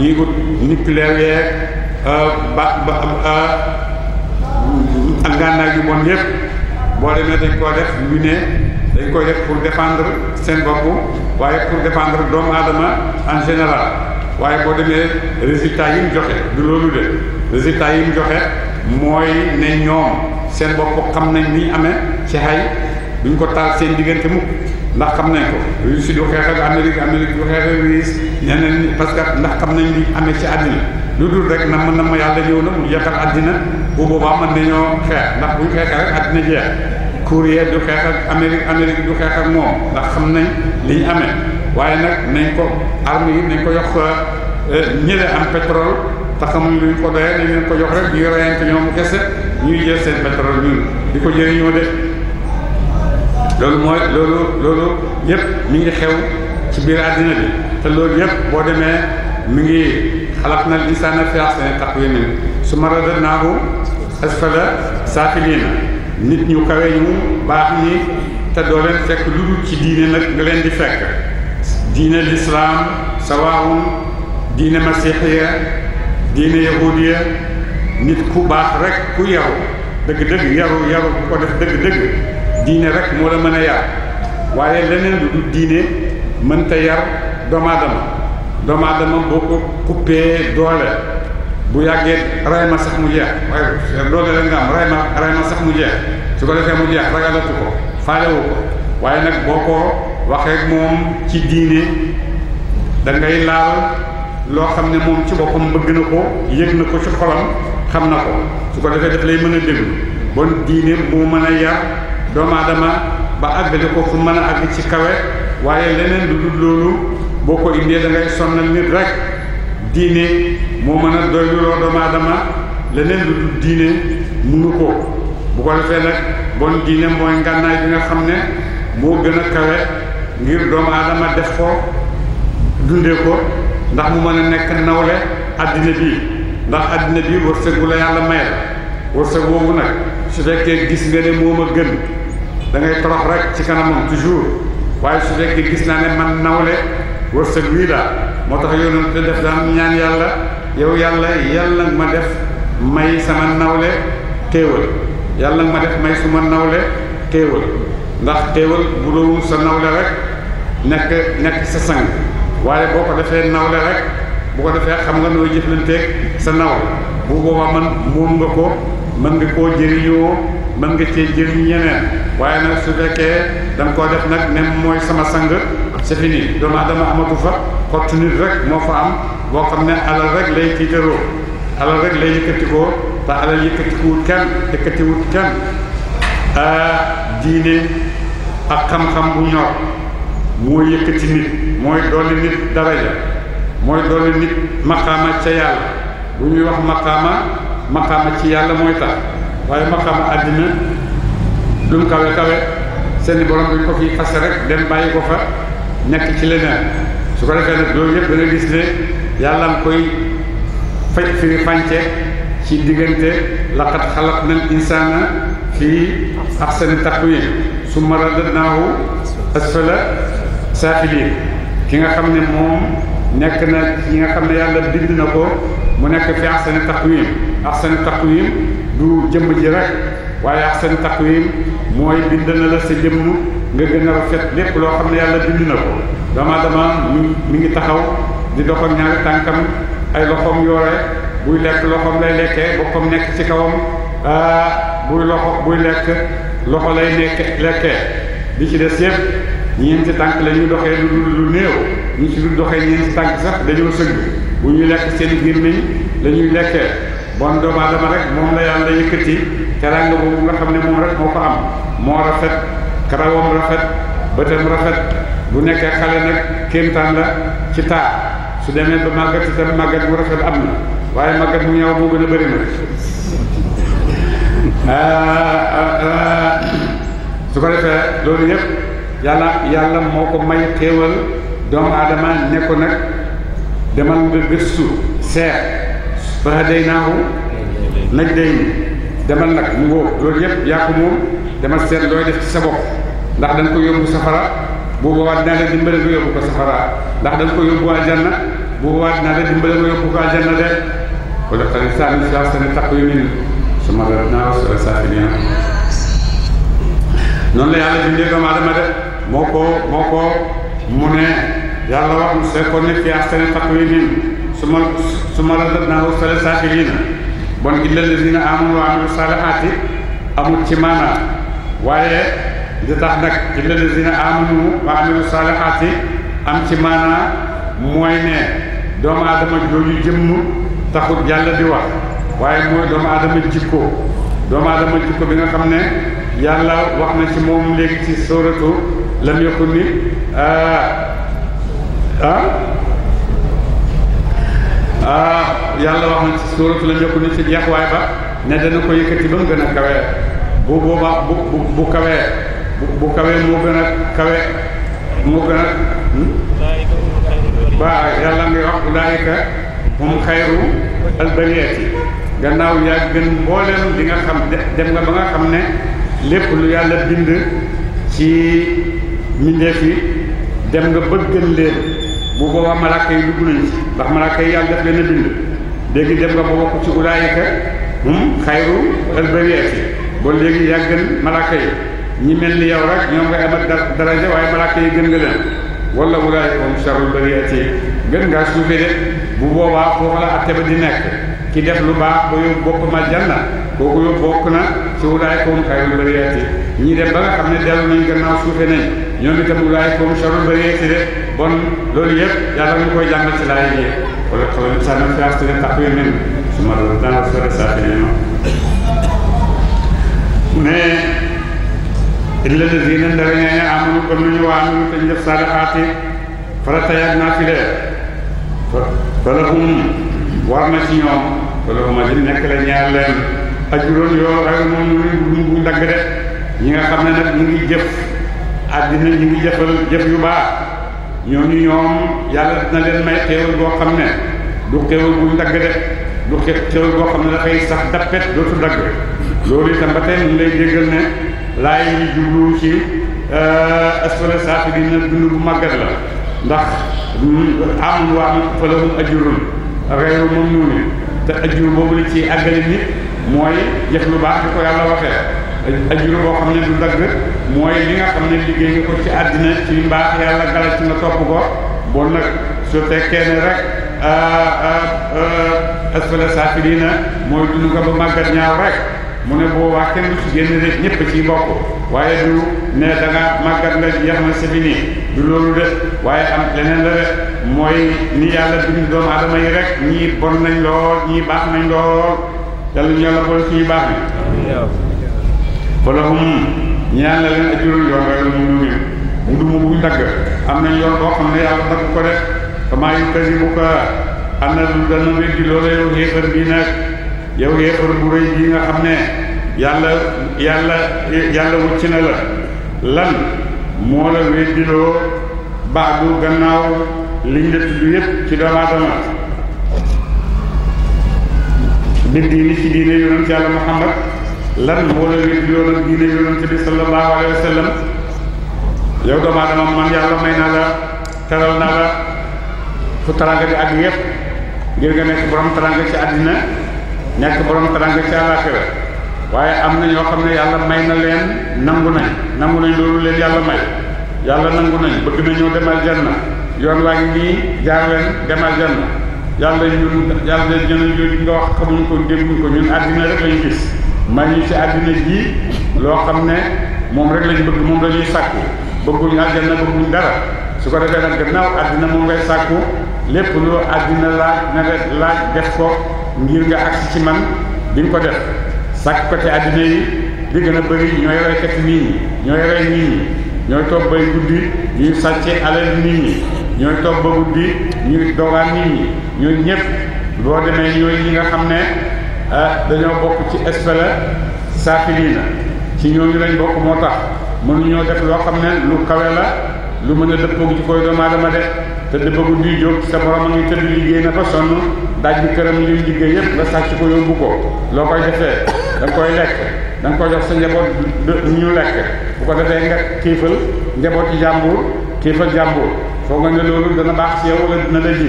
ñuy ut nucléaire yeeg euh, ba ba ak euh, ngànnaay yu bon yëpp boo demee dañ koo def ñu ne dañ koo def pour défendre seen bopp waaye pour défendre doomu aadama en général waaye boo demee résultat yi mu joxe du loolu de résultat yi mu joxe mooy ne ñoom seen bopp xam nañ ni amee ci xay duñ ko taal seen diggante mukk ndax xam nañ ko Russie du xeex ak Amérique Amérique du xeex ak ñeneen parce que ndax xam nañ li amee ci àddina lu dul rek na mën na ma yàlla ñëw na mu jeexal àddina bu boobaa mën nañoo xeex ndax buñ xeexee rek àddina jeex yee du xeex ak Amérique Amérique du xeex ak moom ndax xam nañ li ñu amee waaye nag nañ ko arme yi nañ ko yox euh, ñële am pétrole te xamuñ luñ ko doyee nañ leen ko jox rek ñuy reyante ñoom kese ñuy jël seen loolu mooy loolu loolu yëpp mi ngi xew ci biir àddina bi te loolu yëpp boo demee mi ngi xalaq na insaana fi ahsani taqwiim summa radadnaahu asfala saafiliina nit ñu kawe ñu baax ñi te doo leen fekk lu dul ci diine nag nga leen di fekk diine lislaam sawaawun diine masiixiya diine yahudiya nit ku baax rek ku yaru dëgg-dëgg yaru yaru ku ko def dëgg-dëgg diine rek moo la mën a yar waaye leneen lu du diine ta yar doomu aadama doomu aadama boo ko coupé doole bu yàggee ray ma sax mu jeex waaye doole la nga am ray ma ray ma sax mu jeex su ko defee mu jeex ragalatu ko wu ko waaye nag boo ko waxee moom ci diine da ngay laal loo xam ne moom ci boppam bëgg na ko yëg na ko ci xolam xam na ko su ko defee daf lay mën a bon diine moo mën a yar doomu aadama ba àggale ko fu mën a àgg ci kawe waaye leneen lu dul loolu boo ko indee da ngay nit rek diine moo mën a doyluloo doomu aadama leneen lu dul diine munu ko bu ko defee nag bon diine mooy ngànnaay bi nga xam ne moo gën a kawe ngir doomu adama def ko dundee ko ndax mu mën a nekk nawle addina bi ndax addina bi wërsëgu la yàlla mayal wërsëg woowu nag su fekkee gis nga ne moom a gën da ngay torox rek ci kanamam toujours waaye su fekkee gis naa ne ma nawle wërsëg wii la moo tax yonent def daan ñaan yàlla yow yàlla yàlla ma def may sama nawle téewal yàlla ma def may suma nawle téewal ndax téewal bu sa nawle rek nekk nekk sa sang waaye boo ko defee nawle rek bu ko defee xam nga nooy jëflanteeg sa naw bu boobaa man moom nga ko mën nga koo jëriñoo mën nga cee jëriñ ñeneen waaye na su fekkee da koo def nag ne mooy sama sang c'est fini doomu aadama amatu fa xottu nit rek moo fa am boo xam ne alal rek lay tiitaroo alal rek lay yëkkatikoo te alal yëkkatiwut kenn yëkkatiwut kenn ah, diine ak xam-xam bu ñor mooy yëkkati nit mooy dolli nit daraja mooy dolli nit maqaama ca yàlla bu ñuy wax maqaama maqaama ci yàlla mooy tax waaye ma xam àddina lu mu kawe kawe seeni borom dañ ko fi fase rek dem bàyyi ko fa nekk ci leneen su ko defee nag loolu yëpp da nga gis ne yàlla am koy faj firi fànce ci diggante laqad xalaqnal insaana fii axsani taqwiim summa radadnaahu asfala saafiliin ki nga xam ne moom nekk na ki nga xam ne yàlla bind na ko mu nekk fi axsani taqwiim axsani taqwiim du jëmm ji rek waaye ahsan taqwim mooy bind na la sa jëmm nga gën a rafet lépp loo xam ne yàlla bind na ko dama dama mi mi ngi taxaw di dox ak tànkam ay loxoom yoore buy lekk loxoom lay lekkee boppam nekk ci kawam ah, buy loxo buy lekk loxo lay nekk lekkee li ci des yëpp ñeenti tànk lañuy ñuy doxee lu lu néew ñu ci dul doxee ñeenti tànk sax dañoo sëgg bu ñuy lekk seen gémmiñ lañuy ñuy lekkee bon doomu aadama rek moom la yàlla yëkkati teraanga boobu nga xam ne moom rek moo ko am moo rafet karawam rafet bëtam rafet bu nekkee xale nag kéemtaan la ci taa su demee ba màggat itam màggat bu rafet am na waaye màggat mu ñëw moo gën a bëri na ah, ah, ah. su ko defee loolu yëpp yàlla yàlla moo ko may xéewal doomu aadama ne nag demal nga gëstu seet fa hadaynaahu najdayn demal nag mu ngoo loolu yëpp yaa demal seet looy def ci sa bopp ndax dañ ko yóbbu safara bu boobaa dinaa la dimbale nga yóbbu ko safara ndax dañ ko yóbbu aljanna bu boobaa dinaa la dimbale nga yóbbu ko aljanna de wala xale saa ni saa sani taq yu min su ma la dinaa soo saa si bien noonu la yàlla bindee doomu aadama de moo ko moo ko mu ne yàlla wax mu see ko ne fi ahsani taqwiim ثم ثم رددناه ثلاث ساخرين bon illa alladina amanu wa amilu salihati amul ci maana waaye li tax nag illa alladina amanu wa amilu salihati am ci maana mooy ne doomu aadama jooju jëmm taxut yàlla di wax waaye mooy doomu aadama jikko doomu aadama jikko bi nga xam ne yàlla wax na ci moom léegi ci sóoratu lam yakun ni ah Ah, yàlla wax na ci suuratu lam yakun ci jeex ba ne dana ko yëkkati ba mu gën a kawee bu boobaa bu bu bu kawee bu kawee moo gën a kawe moo gën a hmm? ba yàlla ngay wax ulaayika moom xayru albariyati gannaaw yaa gën mbooleem li nga xam dem nga ba nga xam ne lépp lu yàlla bind ci mbindeef yi dem nga bëgg gën leen bu boobaa malaaka yi dugg nañ ci ndax malaaka yi yàlla def leen bind léegi dem nga ba bokk ci ulaayika hum xayru albariyati ba léegi yaa gën malaaka yi ñi mel ni yow rek ñoom nga amat daraja waaye malaaka yi gën nga leen wala ulaayika hum sharrul bariyati gën ngaa suufee de bu boobaa foofu la atte ba di nekk ki def lu baax ba yóbbu boppam aljanna kooku yóbbu bokk na ci ulaayika hum xayrul bariyati ñii dem ba nga xam ne dellu nañ gannaaw suufee ñoom itam ulaay koom a bariyati de bon loolu yëpp yàlla ñu koy jàngal ci laay yi wala xoolal saa na fi astu ne taqwi min su ma doon daan sore saa fi ñu mais illa lazina ndara ñee amanu kon nu ñu waa nu te def saalihaati farata yaag naa fi de falahum war na ci ñoom falahum ajin nekk la ñaar leen ajuroon yoo xayma moom ñu dagg de ñi nga xam ne nag ñu ngi jëf. àddina ñi ngi jëfal jëf yu baax ñooñu ñoom yàlla dina leen may xéewal boo xam ne du xéewal bu dagg de du xéewal boo xam ne sax dappet dootu dagg loolu itam ba tey lay jéggal ne laay yi ci euh, asfala saafiliin na dund bu màggat la ndax amul waam fa lahum ajurun ghayru mamnuun te ajur boobu la ci àggale nit mooy jëf lu baax di ko yàlla waxee ajuru boo xam du dagg mooy li nga xam ne nga ko ci àddina ci mbaax yàlla gala ci nga topp ko bon nag su fekkee ne rek ah, ah, ah, asfala saafilina mooy dund nga ba màggat ñaaw rek mu ne kenn ci rek ci bokk du ne da nga yex na bini du loolu de waaye am leneen la de mooy ni yàlla bind doomu aadama rek ñii bon nañ lool ñii baax nañ lool ñu wala ñaan la leen ajurul yoon rek mu mu du mu dagg am nañ yoon boo xam ne yàlla dagg ko def xamaa yu kasi bu ka am na lu dana weddi loola yow xéefar bii nag yow xéefar bu rëy bii nga xam ne yàlla yàlla yàlla wucc na la lan moo la weddiloo baadu gannaaw liñ la tudd yépp ci doomu aadama bi diini ci diine yonent yàlla Muhammad lan moo la ngeen yoonal diine yonente bi sallallahu alayhi wa sallam yow doomu aadama man yàlla may na la teral naa la fu taranga di ak yépp ngir nga nekk borom taranga ci àddina nekk borom taranga ci àllaaxira waaye am na ñoo xam ne yàlla may na leen nangu nañ nangu nañ loolu leen yàlla may yàlla nangu nañ bëgg na ñoo jan janna yoon waa ngi nii jaar leen demal na yàlla ñun yàlla ñun nga wax xamuñ ko dégguñ ko ñun àddina gis may ñu ci àddina ji loo xam ne moom rek lañ bëgg moom lañuy sàkku bëgguñu àjjana bëgguñ dara su ko defee nag gannaaw àddina moom ngay sàkku lépp lu àddina laaj na laaj def ko ngir nga agsi ci man di nga ko def sàkk ko ci àddina yi li gën a bëri ñooy reykat nit ñi ñooy rey nit ñi ñooy toog bay guddi ñuy sàcce alal nit ñi ñooy toog ba guddi ñuy dogaan nit ñi ñooy ñëpp boo demee ñooy ñi nga xam ne ah dañoo bokk ci espele saafiliina ci ñooñu lañ bokk moo tax mënuñoo def loo xam ne lu kawe la lu mën a dëppoog ji koy doomu de def te dëppagu di jóg sa borom a ngi tëdd liggéey na ba sonn daaj bi këram lim liggéey yépp nga sàcc ko yóbbu ko loo koy defee da koy lekk da nga koy jox sa njaboot ñu lekk bu ko defee nga kiifal njaboot ci jàmbur kiifal jàmbur foog nga ne loolu dana baax ci yow wala dina la ji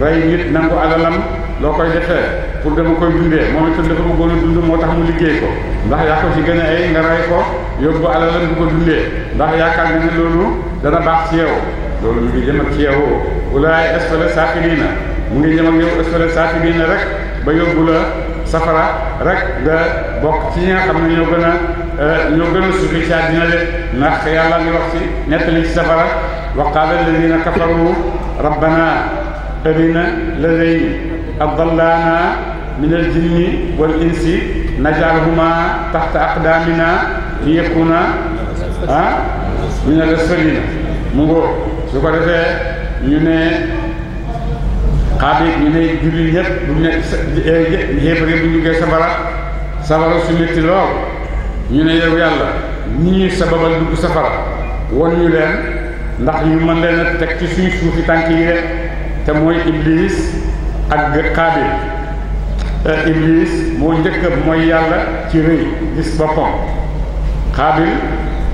rey nit nangu alalam loo koy defee pour dama koy dundé momi itam dafa bëggoon a dund moo tax mu liggéey ko ndax yaa ko fi gëna ay nga ray ko yóbbu alalam bu ko dundé ndax yaakaar nga ne loolu dana bax ci yow lolu mu ngi jëm ak ci yow walaay asfala saqilina mu ngi jëm ak yow asfala saqilina rek ba yóbbu la safara rek nga bok ci nga xam ne ñoo gëna ñoo gëna a suufi ci àddina de ndax yàlla ngi wax ci nettali ci safara wa qala alladina kafaru rabbana arina ladayn adallana minal jinni wal insi najalhuma taxta aqdamina li yakuna ah minal asfalina mu ngoo su ko defee ñu ne xaabit ñu ne julli ñëpp bu nekk xéefare eh, bu ñu duggee sabara sabara su métti lool ñu ne yow yàlla ñi sababal dugg safara won ndax ñu mën leen teg ci suñ suufi tànk yi rek te mooy iblis ak xaabit Eh, iblis moo njëkk a mooy yàlla ci rëy gis boppam xaabil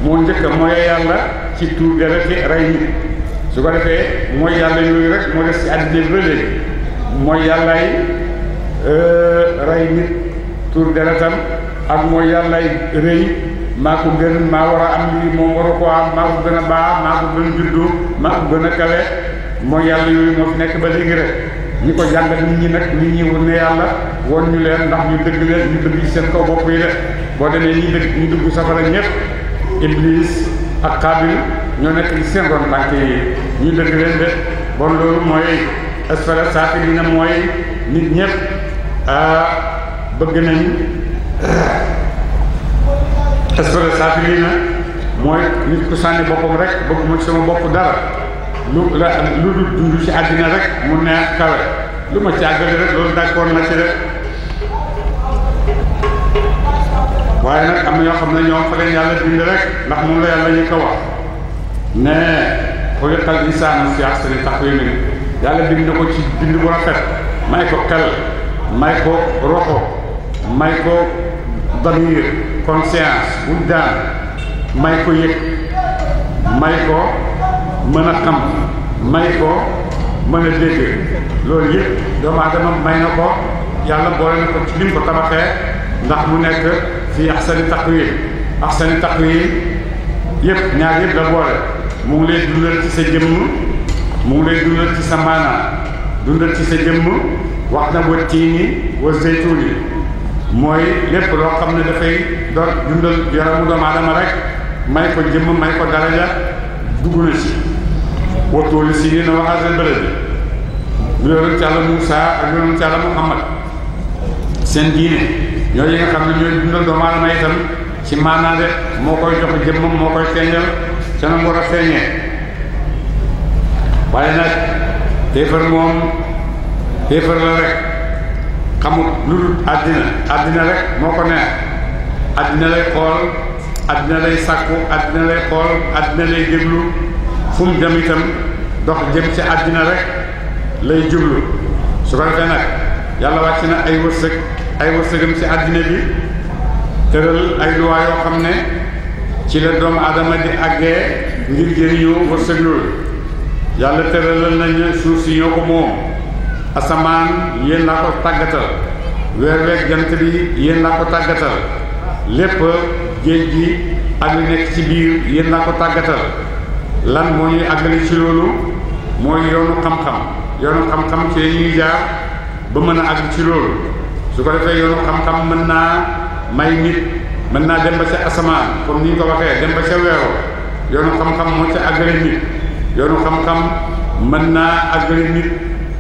moo njëkk a mooy yàlla ci tuur deret ci rey nit su ko defee mooy yàlla yooyu rek moo des ci àddina bi ba léegi yàllaay eh, rey nit tuur deretam ak mooy yàllaay rëy maa ko gën maa war a am lii moom war a maa ko gën a baax maa ko gën juddu maa ko gën a kawe mooy yàlla yooyu moo fi nekk ba léegi rek ñu ko jàngal nit ñi nag nit ñi wër ne yàlla woon ñu leen ndax ñu dëgg leen ñu dëgg seen kaw bopp yi de boo demee ñi dëgg ñu dugg safara ñëpp iblis ak xaabil ñoo nekk ci seen ron tànk yi ñu dëgg leen de bon loolu mooy asfala saati li nga mooy nit ñëpp bëgg nañ asfala saati li na mooy nit ku sànni boppam rek bëgg mu ci sama bopp dara lu la lu dul dund ci àddina rek mu neex kawe lu ma ci àggale rek loolu d'accord na ci rek waaye nag am na ñoo xam ne ñoom fa leen yàlla bind rek ndax moom la yàlla ñu ko wax ne xuliqal insaanu fi ahsani taqwiim yàlla bind ko ci bind bu rafet may ko xel may ko roxo may ko damir conscience wuñ daan may ko yëg may ko mën a xam may ko mën a dégg loolu yëpp doomu aadama may na ko yàlla boole na ko ci ko tabaxee ndax mu nekk fii axsani taqwiim axsani taqwiim yëpp ñaar yëpp la boole mu ngi lay dundal ci sa jëmm mu ngi lay dundal ci sa maanaa dundal ci sa jëmm wax na wa tiini wa zeytuuni mooy lépp loo xam ne dafay doon dundal yaramu doomu aadama rek may ko jëmm may ko daraja dugg na ci waxtu li si yéen a waxaa seen bële bi bu yonent yàlla Moussa ak yonent yàlla Muhammad seen diine ñooñu nga xam ne ñooy dundal doomu may itam ci maanaa de moo koy jox jëmmam moo koy feeñal ca na war a feeñee waaye nag téefar moom téefar la rek xamut lu dul àddina àddina rek moo ko neex àddina lay xool àddina lay sàkku àddina lay xool àddina lay déglu fu mu itam dox jëm ci àddina rek lay jublu su ko defee nag yàlla wàcc na ay wërsëg ay wërsëgam ci àddina bi tëral ay luwaa xam ne ci la doomu aadama di àggee ngir jëriñoo wërsëg loolu yàlla tëralal nañu suuf si ñoo ko moom asamaan yéen laa ko tàggatal weer weeg jant bi yéen laa ko tàggatal lépp géej gi ak li nekk ci biir yéen laa ko tàggatal lan moo ñuy àggale ci loolu mooy yoonu xam-xam yoonu xam-xam ci ñuy jaar ba mën a àgg ci loolu su ko defee yoonu xam-xam mën naa may nit mën naa dem ba ca asamaan comme ni ñu ko waxee dem ba ca weeru yoonu xam-xam moo ca àggale nit yoonu xam-xam mën naa àggale nit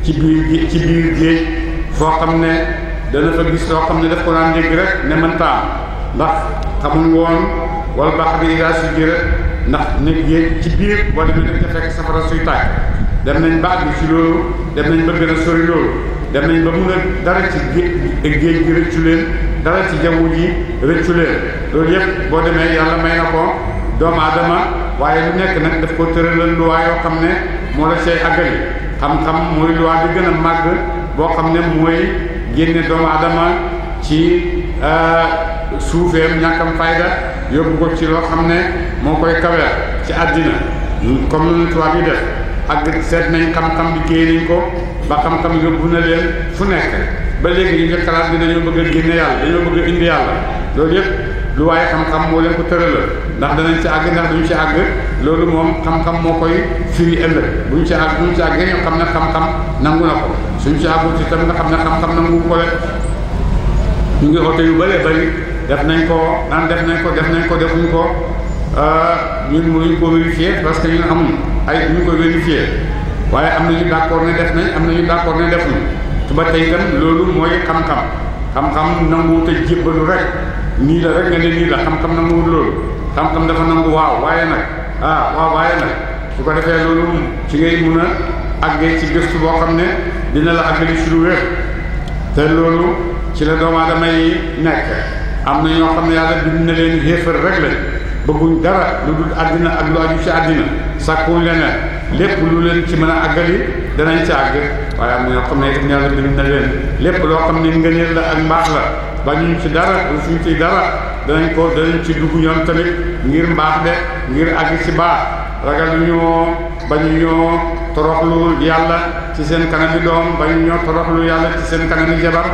ci biir ci biir géej foo xam ne dana fa gis soo xam ne daf ko daan dégg rek ne mën taam ndax xamul woon wala baax bi idaa rek ndax néeg yéeg ci biir boo demee dañ ca safara suy tàkk dem nañ ba àgg ci loolu dem nañ ba gën sori loolu dem nañ ba mun a dara ci géej gi rëccu leen dara ci jaww ji rëccu leen loolu yëpp boo demee yàlla may na ko doomu aadama waaye lu nekk nag daf ko tëralal luwaa yoo xam ne moo la say àggali xam-xam mooy luwaa bi gën a màgg boo xam ne mooy génne doomu adama ci euh, suufeem ñàkkam fayda yóbbu ko ci loo xam ne moo koy kaweel ci àddina comme waa yi def ak seet nañ xam-xam liggéey nañ ko ba xam-xam yóbbu na leen fu nekk ba léegi ñu ngi xalaat bi dañoo bëgg a génne yàlla dañoo bëgg a indi yàlla loolu yëpp lu waaye xam-xam moo leen ko tëralal ndax danañ ci àgg ndax duñ ci àgg loolu moom xam-xam moo koy firi ëllëg buñ ci àgg buñ ci àgg ñu xam ne xam-xam nangu na ko suñu ci àggut itam nga xam ne xam-xam nangu ko ñu ngi xoote yu bëree bëri def nañ ko naan def nañ ko def nañ ko defuñu ko euh, ñun mënuñ ko vérifier parce que ñun amuñ ay ñu ko vérifier waaye am nañu d'accord ne def nañ am nañu d'accord ne def su ba tey itam loolu mooy xam-xam xam-xam nanguwut a rek nii la rek nga ne nii la xam-xam nanguwut loolu xam-xam dafa nangu waaw waaye nag ah waaw waaye nag su ko defee loolu ci ngay mun a àggee ci gëstu boo xam ne dina la àggali si lu wér te loolu ci la doomu aadama yi nekk am na ñoo xam ne yàlla bind na leen xéefar rek lañ bëgguñ dara lu dul àddina ak lu aju ci àddina sàkkuñ leneen lépp lu leen ci mën a àggali danañ ci àgg waaye am na ñoo xam ne itam yàlla bind na leen lépp loo xam ne ngëneel la ak mbaax la bañuñ ci dara lu suñ ci dara danañ ko danañ ci dugg ñoom tamit ngir mbaax de ngir àgg ci baax ragal ñoo bañu ñoo toroxlu yàlla ci seen kanami doom ba ñu ñoo toroxlu yàlla ci seen kanami jabar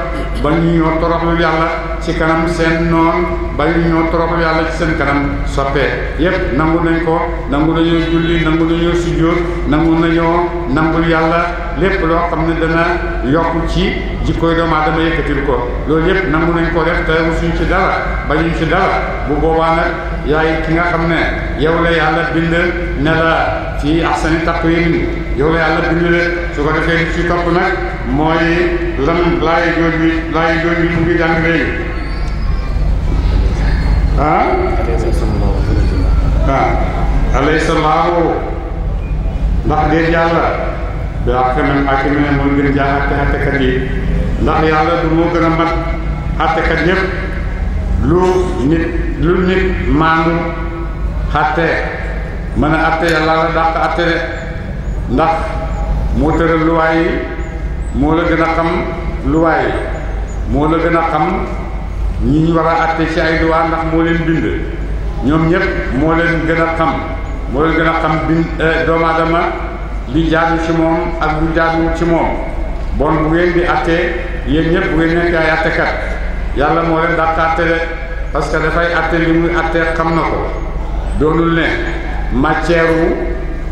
ba ñu ñoo toroxlu yàlla ci kanam seen noon bari ñoo torop yàlla ci seen kanam soppee yépp nangu nañ ko nangu nañoo julli nangu nañoo sujjóot nangu nañoo nangul yàlla lépp loo xam ne dana yokk ci jikkoy doomu aadama yëkkatil ko loolu yépp nangu nañ ko def te suñ ci dara bañuñ ci dara bu boobaa nag yaay ki nga xam ne yow la yàlla bind ne la ci ahsani taqwiim yow la yàlla bind de su ko defee ci topp nag mooy lan laay jooju laay jooju mu ngi jàng léegi ah waaw ah. alaysa laahu ndax déet yàlla daa xamem àcc gën jaa atte attekat yi ndax yàlla du moo gën a mat attekat yëpp lu nit lu nit maandu xatte mën a atte yàlla la dàq atte de ndax moo tëral luwaay yi moo la gën a xam luwaay yi moo la gën a xam ñi ñu war a àtte ci ay duwaa ndax moo leen bind ñoom ñëpp moo leen gën a xam moo leen gën a xam bind euh, doomu li jaadu ci moom ak lu jaadu ci moom bon bu ngeen di àttee yéen ñëpp bu ngeen nekk yàlla moo leen dàq àtte de parce que dafay àtte li muy àttee xam na ko doonul ne matière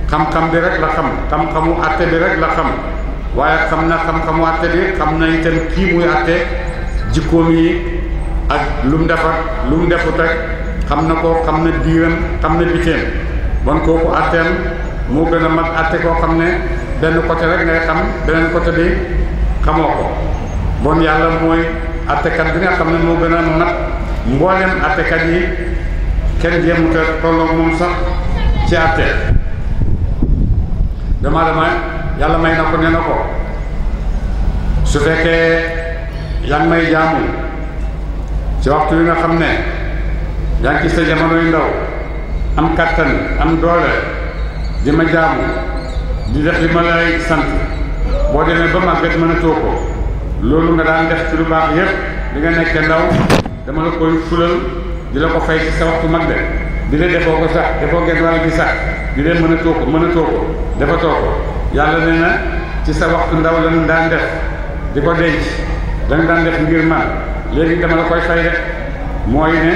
xam-xam bi rek la xam xam-xamu àtte bi rek la xam waaye xam na xam-xamu àtte bi xam na itam kii muy àtte jikkoom yi ak lu mu def ak lu mu xam na ko xam na diiram xam na bitéem bon kooku atteem moo gën a mag atte koo xam ne benn côté rek ngay xam beneen côté bi xamoo ko bon yàlla mooy attekat bi nga xam ne moo gën a mat mboolem attekat yi kenn jéemu te tolloo moom sax ci atte dama dama yàlla may na ko ne na ko su fekkee yan may jaamu ci waxtu wi nga xam ne yaa ci sa jamono yu ndaw am kàttan am doole di ma jaamu di def li ma lay sant boo demee ba màggat mën a too ko loolu nga daan def ci lu baax yépp di nga nekk ndaw dama la koy fulal di la ko fay ci sa waxtu mag de di la defoo ko sax defoo genn wàll gi sax di leen mën a too ko mën a too ko dafa too ko yàlla nee na ci sa waxtu ndaw lañu daan def di ko denc danga daan def ngir man léegi dama la koy fay rek mooy ne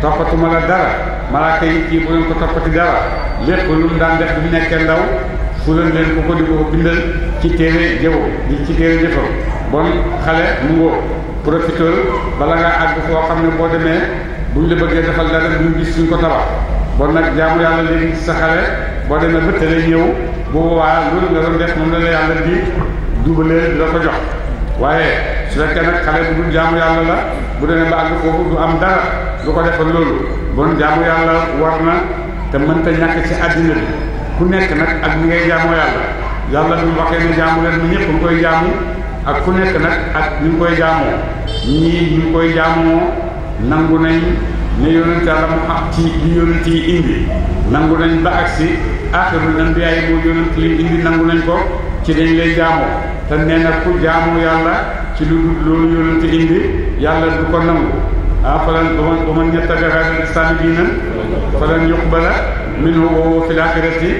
toppatuma la dara malaaka yi kii bu leen ko toppati dara lépp lu mu daan def bu mu nekkee ndaw fulan leen ko ko di ko bindal ci téere jëwo di ci téere jëfam bon xale mu ngoo profiteur bala nga àgg foo xam ne boo demee bu buñ la bëggee defal dara duñ gis suñ ko tabax bon nag jaamu yàlla léegi sa xale boo demee ba tële ñëw bu boobaa loolu nga doon def moom la la yàlla di loo ko jox waaye su fekkee nag xale bu dul jaamu yàlla la bu demee ba àgg foofu du am dara du ko defal loolu bon jaamu yàlla war na te mënta ñàkk ci àddina bi ku nekk nag ak ni ngay jaamoo yàlla yàlla bi mu waxee ne jaamu leen ñëpp nga koy jaamu ak ku nekk nag ak ni koy jaamoo ñii ñu ngi koy jaamoo nangu nañ ne yonent yàlla mu am ci li yonent yi indi nangu nañ ba agsi axirul anbiyaa yi moo yonent li indi nangu nañ ko ci dañ lay jaamoo te nee na ku jaamu yàlla ci lu dul loolu yonente indi yàlla du ko nangu ah falan ba man ñettagaxaal sànni bii nan falan yuqbala minhu wa fil axirati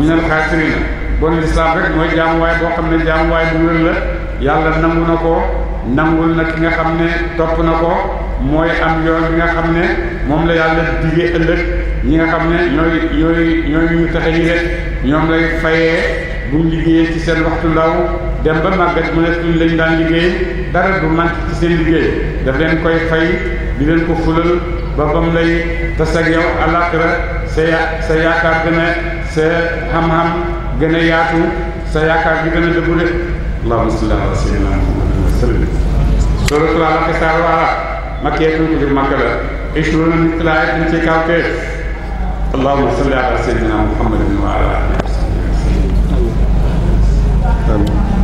min al xaasirina bon lislaam rek mooy jaamuwaay boo xam ne jaamuwaay bu wér la yàlla nangu na ko nangul na ki nga xam ne topp na ko mooy am yoon bi nga xam ne moom la yàlla digee ëllëg ñi nga xam ne ñooy ñooy ñooy ñu taxe ñi rek ñoom lay fayee buñ liggéeyee ci seen waxtu ndaw dem ba màggat mu ne tuñ lañ daan liggéey dara du manque ci seen liggéey daf leen koy fay di leen ko fulal ba ba mu lay tas ak yow àllaaxira sa ya sa yaakaar gën a sa xam-xam gën a yaatu sa yaakaar bi gën a dëggu de allahumma salli ala sayyidina muhammadin wa sallim suratul alaq saar waala makkiyatun ko jëf màkk la ishruna min tilaayatin ci kaw tee allahumma salli ala sayyidina muhammadin wa ala alihi wa sallam